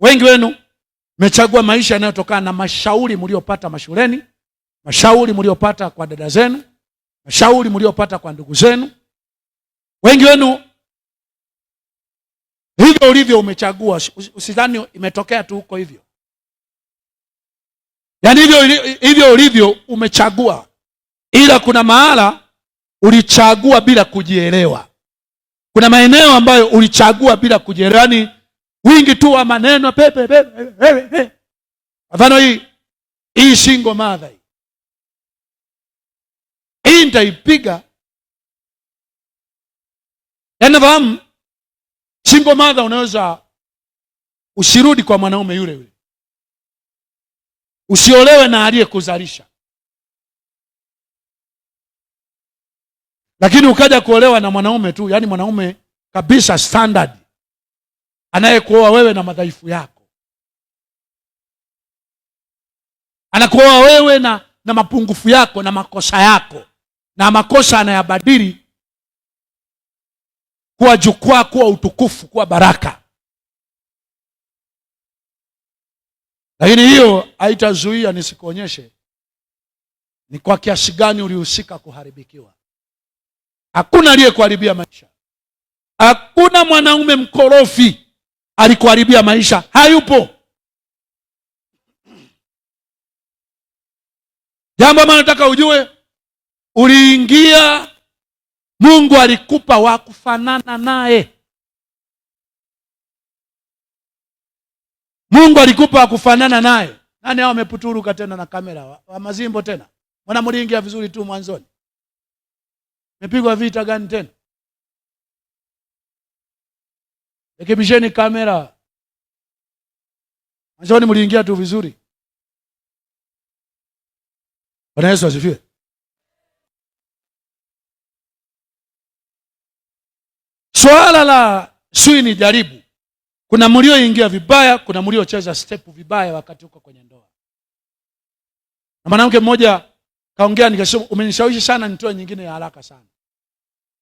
Wengi wenu mmechagua maisha yanayotokana na mashauri mliopata mashuleni, mashauri mliopata kwa dada zenu, mashauri mliopata kwa ndugu zenu. Wengi wenu hivyo ulivyo umechagua, usidhani imetokea tu huko hivyo. Yaani hivyo hivyo ulivyo umechagua, ila kuna mahala ulichagua bila kujielewa. Kuna maeneo ambayo ulichagua bila kujielewa, yaani wingi tu wa maneno pepe pepe. Mfano hii hii shingo madha hii hii nitaipiga, yaani nafahamu shingo madha unaweza usirudi kwa mwanaume yule yule, usiolewe na aliyekuzalisha, lakini ukaja kuolewa na mwanaume tu, yaani mwanaume kabisa standard anayekuoa wewe na madhaifu yako, anakuoa wewe na, na mapungufu yako na makosa yako, na makosa anayabadili kuwa jukwaa, kuwa utukufu, kuwa baraka. Lakini hiyo haitazuia nisikuonyeshe ni kwa kiasi gani ulihusika kuharibikiwa. Hakuna aliyekuharibia maisha. Hakuna mwanaume mkorofi alikuharibia maisha hayupo. Jambo ambalo nataka ujue, uliingia, Mungu alikupa wa kufanana naye. Mungu alikupa wa kufanana naye. Nani hao wameputuruka tena na kamera wa, wa mazimbo tena? mwana mliingia vizuri tu mwanzoni? Mepigwa vita gani tena? Rekebisheni kamera. Mwanzoni mliingia tu vizuri. Bwana Yesu asifiwe. Swala la swini jaribu, kuna mlioingia vibaya, kuna mliocheza step vibaya wakati uko kwenye ndoa. Na mwanamke mmoja kaongea, nikasema umenishawishi sana nitoe nyingine ya haraka sana,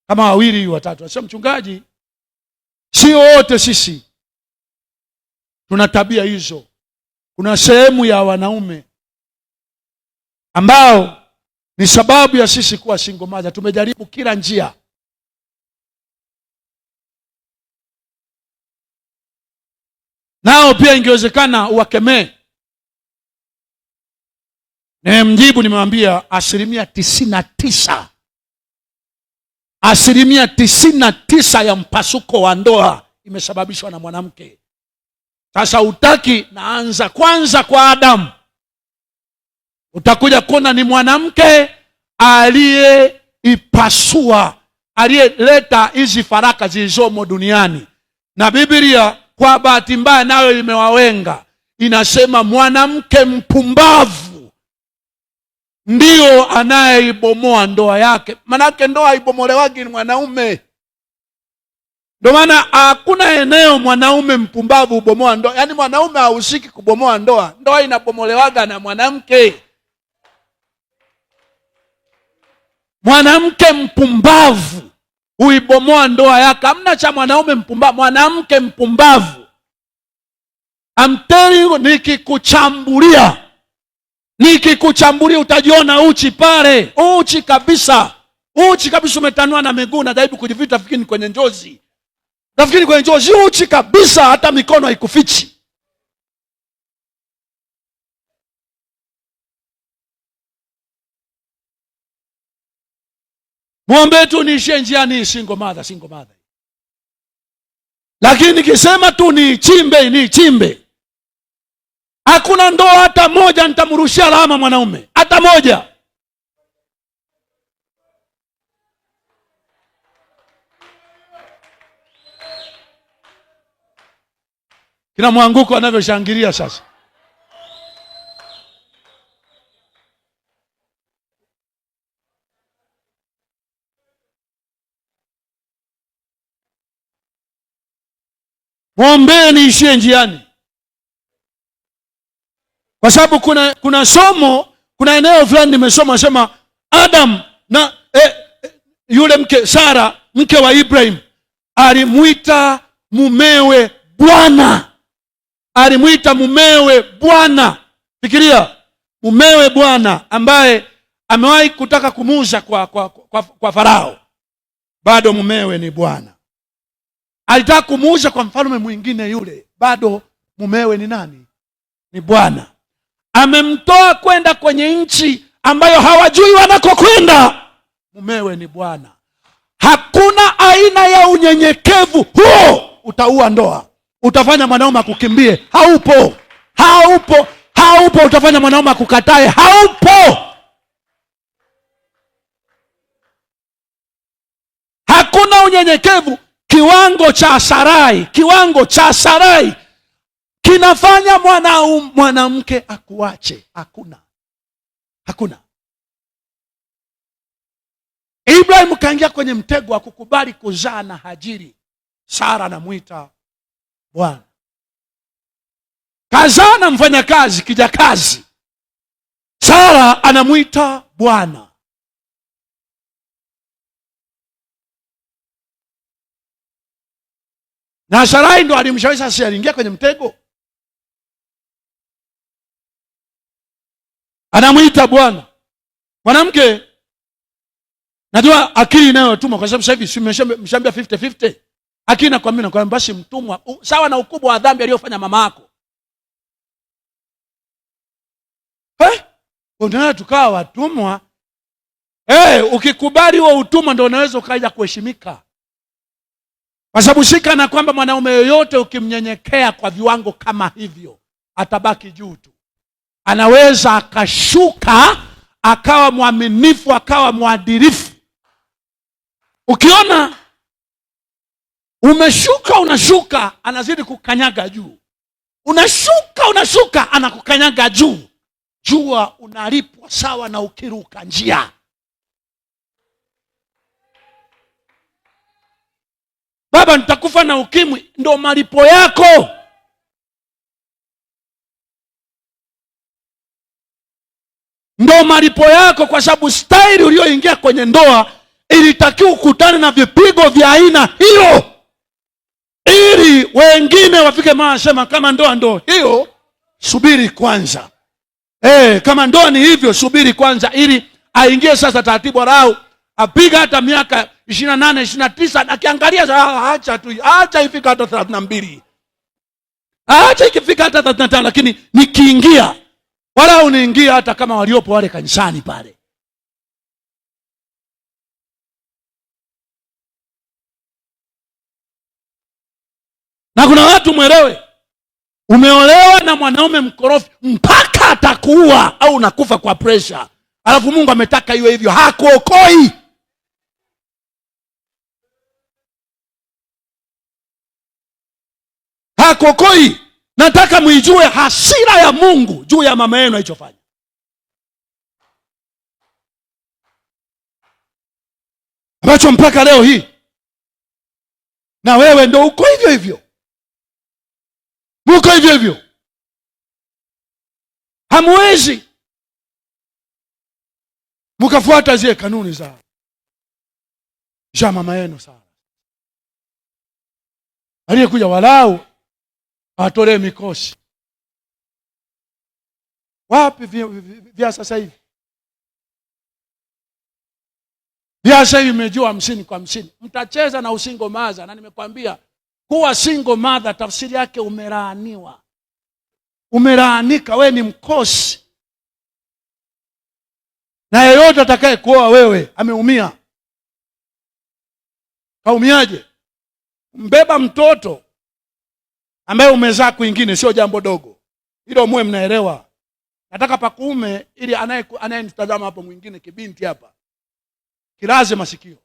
kama wawili watatu. Asema mchungaji Sio wote sisi tuna tabia hizo. Kuna sehemu ya wanaume ambao ni sababu ya sisi kuwa single mother. Tumejaribu kila njia nao pia ingewezekana uwakemee. mjibu nimewambia asilimia tisini na tisa asilimia tisini na tisa ya mpasuko wa ndoa imesababishwa na mwanamke. Sasa utaki, naanza kwanza kwa Adamu, utakuja kuona ni mwanamke aliyeipasua, aliyeleta hizi faraka zilizomo duniani, na Biblia kwa bahati mbaya nayo imewawenga, inasema mwanamke mpumbavu ndio anayeibomoa ndoa yake. Manake ndoa aibomolewagi ni mwanaume. ndo maana hakuna eneo mwanaume mpumbavu hubomoa ndoa, yaani mwanaume hahusiki kubomoa ndoa. Ndoa inabomolewaga na mwanamke. Mwanamke mpumbavu huibomoa ndoa yake. Hamna cha mwanaume mpumbavu, mwanamke mpumbavu. amteli nikikuchambulia Nikikuchambulia utajiona uchi pale, uchi kabisa, uchi kabisa, umetanua na miguu, najaribu kujivita, fikiri kwenye njozi, nafikiri kwenye njozi, uchi kabisa, hata mikono haikufichi. Mwombe tu niishie njiani, single mother, Lakini nikisema tu niichimbe, niichimbe Hakuna ndoa hata moja nitamrushia lawama mwanaume hata moja. Kina mwanguko anavyoshangilia sasa. Mwombeni ishie njiani kwa sababu kuna kuna somo, kuna eneo fulani nimesoma sema Adam na eh, eh, yule mke Sara mke wa Ibrahim alimwita mumewe bwana, alimwita mumewe bwana. Fikiria mumewe bwana ambaye amewahi kutaka kumuuza kwa, kwa, kwa, kwa Farao, bado mumewe ni bwana. Alitaka kumuuza kwa mfalme mwingine yule, bado mumewe ni nani? Ni bwana amemtoa kwenda kwenye nchi ambayo hawajui wanakokwenda. Mumewe ni Bwana. Hakuna aina ya unyenyekevu huo, utaua ndoa, utafanya mwanaume akukimbie. Haupo, haupo, haupo. Utafanya mwanaume akukatae. Haupo. Hakuna unyenyekevu kiwango cha sarai, kiwango cha sarai kinafanya mwanamke mwana akuache. Hakuna, hakuna. Ibrahimu kaingia kwenye mtego wa kukubali kuzaa na Hajiri. Sara anamwita bwana, kazaa na mfanyakazi kijakazi. Sara anamwita bwana. Na Sarai ndo alimshawishi asiingia kwenye mtego anamwita bwana. Mwanamke najua akili inayotumwa kwa sababu sasa hivi mshaambia 50 50 akili na kwambia, basi, mtumwa sawa na ukubwa wa dhambi aliyofanya mama yako eh? Unaweza tukawa watumwa eh, ukikubali huo utumwa ndio unaweza ukaja kuheshimika, kwa sababu shika na kwamba mwanaume yoyote ukimnyenyekea kwa viwango kama hivyo atabaki juu tu anaweza akashuka akawa mwaminifu akawa mwadirifu Ukiona umeshuka unashuka, anazidi kukanyaga juu, unashuka unashuka, anakukanyaga juu. Jua unalipwa sawa na ukiruka njia. Baba, nitakufa na ukimwi, ndo malipo yako. ndo malipo yako, kwa sababu staili ulioingia kwenye ndoa ilitakiwa ukutane na vipigo vya aina hiyo, ili wengine wafike mahali sema, kama ndoa ndo hiyo, subiri kwanza. Hey, eh, kama ndoa ni hivyo, subiri kwanza, ili aingie sasa taratibu, arau apiga hata miaka ishirini na nane ishirini na tisa akiangalia, ah, acha tu, acha ifika hata thelathini na mbili acha ikifika hata thelathini na tano lakini nikiingia wala uniingia hata kama waliopo wale kanisani pale. Na kuna watu mwelewe, umeolewa na mwanaume mkorofi mpaka atakuua au unakufa kwa presha, alafu Mungu ametaka iwe hivyo, hakuokoi. Hakuokoi. Nataka mwijue hasira ya Mungu juu ya mama yenu alichofanya. Ambacho mpaka leo hii na wewe ndo uko hivyo hivyo, muko hivyo hivyo, hamwezi mukafuata zile kanuni za za mama yenu. Sana aliyekuja walau watolee mikosi. Wapi vya sasa hivi? Vya sasa hivi mejua hamsini kwa hamsini, mtacheza na usingo maza. Na nimekwambia kuwa singo madha tafsiri yake umelaaniwa, umelaanika, we ni mkosi, na yeyote atakaye kuoa wewe ameumia. Kaumiaje? mbeba mtoto ambaye umezaa kwingine sio jambo dogo hilo, muwe mnaelewa. Nataka pakuume ili anayenitazama hapo, mwingine kibinti hapa kilaze masikio.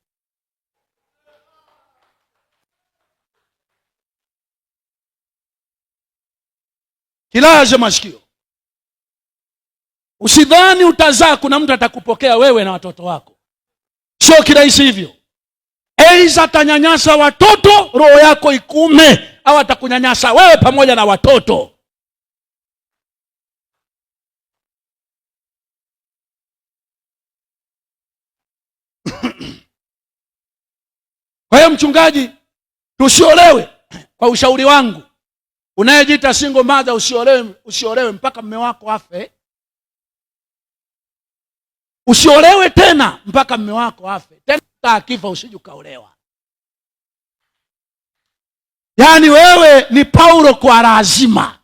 Kilaze masikio, usidhani utazaa kuna mtu atakupokea wewe na watoto wako. Sio kirahisi hivyo. Eiza tanyanyasa watoto, roho yako ikume au atakunyanyasa wewe pamoja na watoto. Kwa hiyo mchungaji, tusiolewe. Kwa ushauri wangu, unayejita single mother, usiolewe, usiolewe mpaka mme wako afe. Usiolewe tena mpaka mme wako afe, tena akifa usije ukaolewa. Yaani wewe ni Paulo kwa lazima.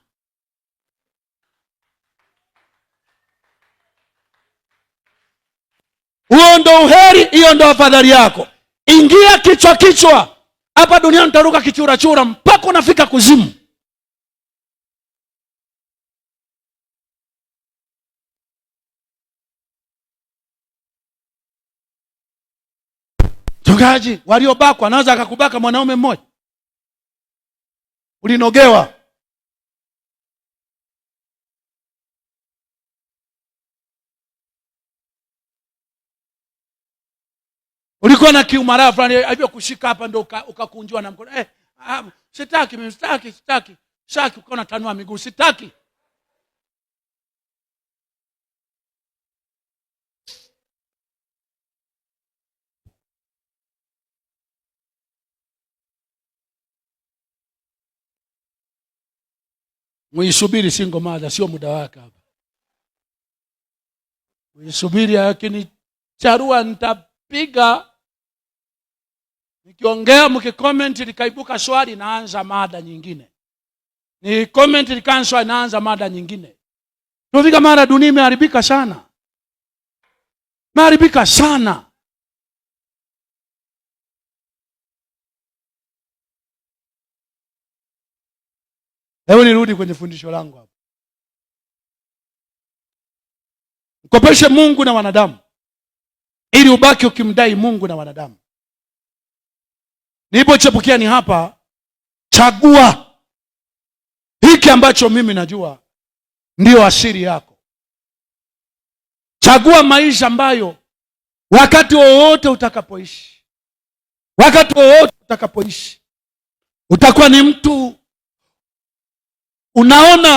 Huo ndo uheri, hiyo ndo afadhali yako. Ingia kichwa kichwa hapa duniani, utaruka kichurachura mpaka unafika kuzimu. Mchungaji, waliobakwa anaweza akakubaka mwanaume mmoja Ulinogewa. Ulikuwa na kiumaraa fulani, ajua kushika hapa ndo ukakunjwa uka na mkono. Eh, ah, sitaki mimi, sitaki, sitaki. Sitaki ukaona tanua miguu, sitaki. mwisubiri single mother, sio muda wake hapa. lakini charua nitapiga. Nikiongea mkikomenti likaibuka swali, naanza mada nyingine, ni comment likaa naanza mada nyingine. Tufika mara, dunia imeharibika sana, imeharibika sana. Hebu nirudi kwenye fundisho langu hapa Mkopeshe Mungu na wanadamu ili ubaki ukimdai Mungu na wanadamu. Nilipochepukia ni hapa, chagua hiki ambacho mimi najua ndiyo asili yako. Chagua maisha ambayo wakati wowote utakapoishi, wakati wowote utakapoishi utakuwa ni mtu Unaona